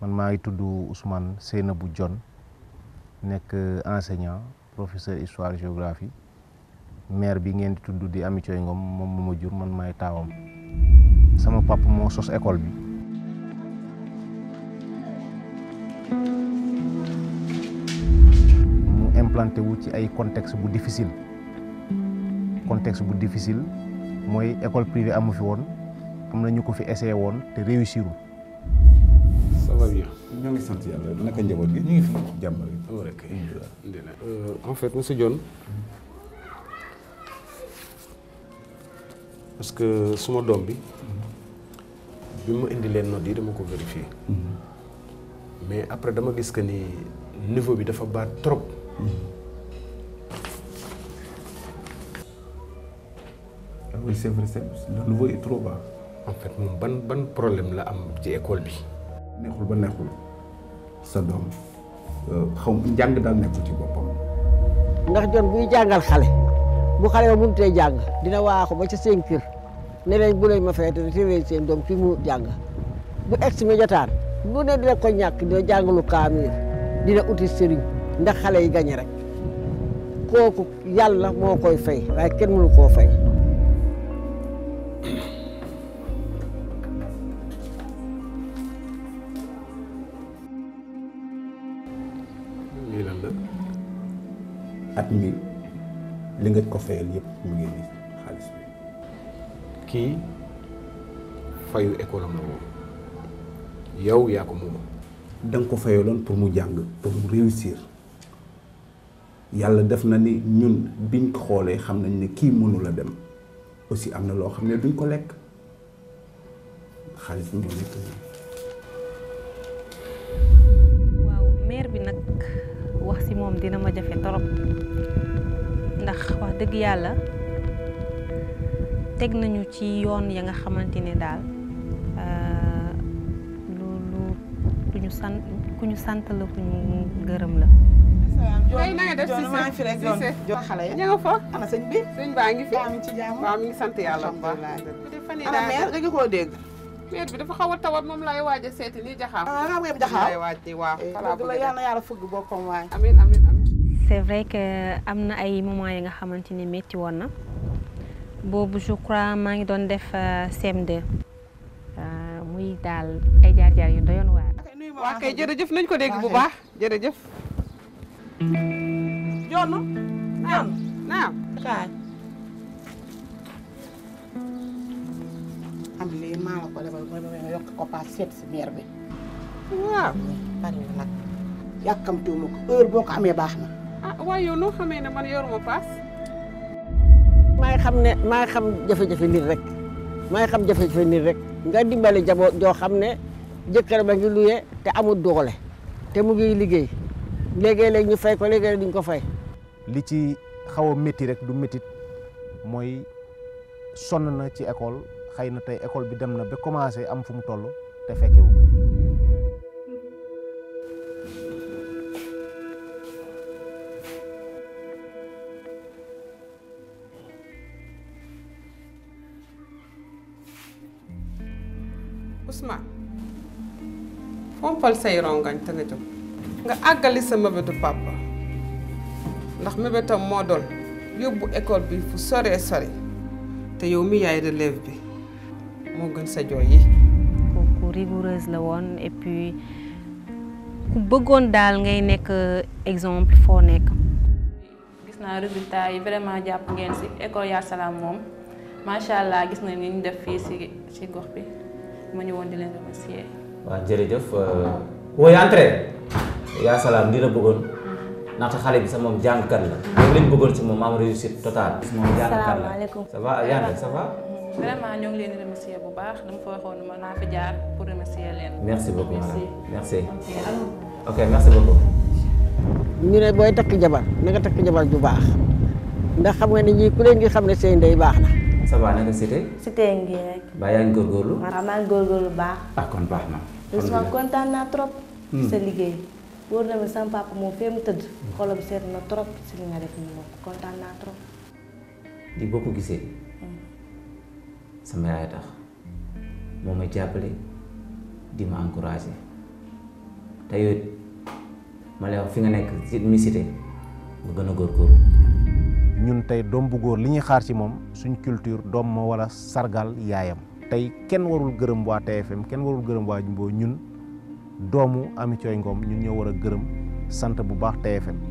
man maa ngi tudd Ousmane Seynabou John nek enseignant professeur histoire géographie maire bi ngeen tuddu di Amy Ngom mom mo jur man maay tawam sama papa mo sos école bi mu implanté wu ci ay contexte bu difficile contexte bu difficile moy école privée amu fi won amna ñu ko fi essayé won te réussirul ñoo ngi sant yàlla naka njaboot gi ñu ngi fi jàmm rek. Oh, euh, en fait monsieur Dione parce que suma doom bi bi mu indi leen notes yi dama ko vérifier mm-hmm. mais après dama gis que ni niveau bi dafa baax trop. Mm-hmm. ah oui moom ban ban problème la am ci école bi. neexul ba neexul. sa doom euh, xaw njàng daal nekkul ci ndax jon buy jàngal xale bu xale ba mënutee jàng dina waaxu ba ca seen kër ne leen bu leen ma feete te téye seen doom fi mu jàng bu egsi mi jotaan bu dina ko ñàkk dina jàngalu kaamil dina uti sëriñ ndax xale yi gañe rek kooku yàlla moo koy fay waaye kenn mënu koo fay. at mi li nga ko fayal yëpp mu ngi xaalis bi. kii fayu école am la yow yaa ko moom. da nga ko fayaloon pour mu jàng pour mu réussir yàlla def na ni ñun biñ ko xoolee xam nañ ni kii mënu la dem aussi am na loo xam ne duñ ko lekk xaalis bi moo nekk si moom dina ma jafe torop ndax wax dëgg yàlla teg nañu ci yoon ya nga xamante ne daal euh, lu lu ku ñu sant ku ñu sant la ku ñu gërëm la tey na nga def si seen si seen xalé ya nga fa ana señ bi señ baa ngi fi waaw mi ngi sant yàlla bu baax ana mère da nga koo dégg maire bi dafa xaw a tawat moom laay waaj a seeti nii jaxaaw. ah nga yem jaxaaw laay waaj di waaw. Eh, la yal na yàlla fëgg boppam waay. amiin amiin amiin. c'est vrai que am na ay moments yi nga xamante ni métti woon na boobu je crois maa ngi doon def euh, CM2 euh, muy daal ay jaar-jaar yu doyoon waar. waa kay jërëjëf nañ ko dégg bu baax jërëjëf. John. naam naam. am lii maa la ko lebal ba ma yokk ko waaw na nag yàkkamtuwuma ah, waaye yow noo xamee ne man yoruma paas maay xam ne maay xam jafe-jafe nit rek maay xam jafe-jafe rek nga dimbale jabo joo xam ne jëkkër ba ngi luye te amul doole te mu ngi liggéey léegi-léeg ñu fay ko léegi duñ ko fay li ci xaw a métti rek du métti mooy sonn na ci école xeyna tay école bi dem na be commencé am fu mu tollu te fekke wu Ousmane fompal say rongañ te nga jox nga agali sa mébétu papa ndax mébétam mo dol yóbbu école bi fu sore sore te yow mi yaay relève bi moo gën sa jooy yi ku rigoureuse la woon et puis ku bëggoon daal ngay nekk exemple foo nekk gis naa résultat yi vraiment jàpp ngeen si école allah gis nañ ni ñu def fii si si gox bi ma ñëwoon di leen remercier waaw jërëjëf woy euh, entré yaa salaam li la bëggoon ndaxte xale bi sa moom jàngkat la loolu lañ bëggoon si moom am réussite totale moom jàngkat la ça va ça va vraiment ñoo leen remercier bu baax dama fa waxoon ma naa fa jaar pour remercier leen. merci beaucoup madame merci. ok merci beaucoup. ñu ne booy takk jabar na nga jabar ju baax ndax xam nga ni ku leen ngi xam ne ndey baax na. ça va naka Cité. Cité ngi rek. ba yaa ngi góorgóorlu. waaw maa ngi góorgóorlu baax. ah kon baax na. Ousmane kontaan naa trop. sa hmm. liggéey. wóor na ma sama papa moom fee mu xolam seet na trop si li nga def nii moom kontaan naa trop. di boo gisee. Hmm. sama yaay tax moo may jàppale di ma encouragé te yooyu ma lay wax fi nga nekk ci nga gën a góorgóorlu. ñun tey doom bu góor li ñuy xaar ci moom suñ culture doom ma wala sargal yaayam tey kenn warul gërëm waa TFM kenn warul gërëm waa Jumbo ñun doomu Ami Thioye Ngom ñun ñoo war a gërëm sant bu baax TFM.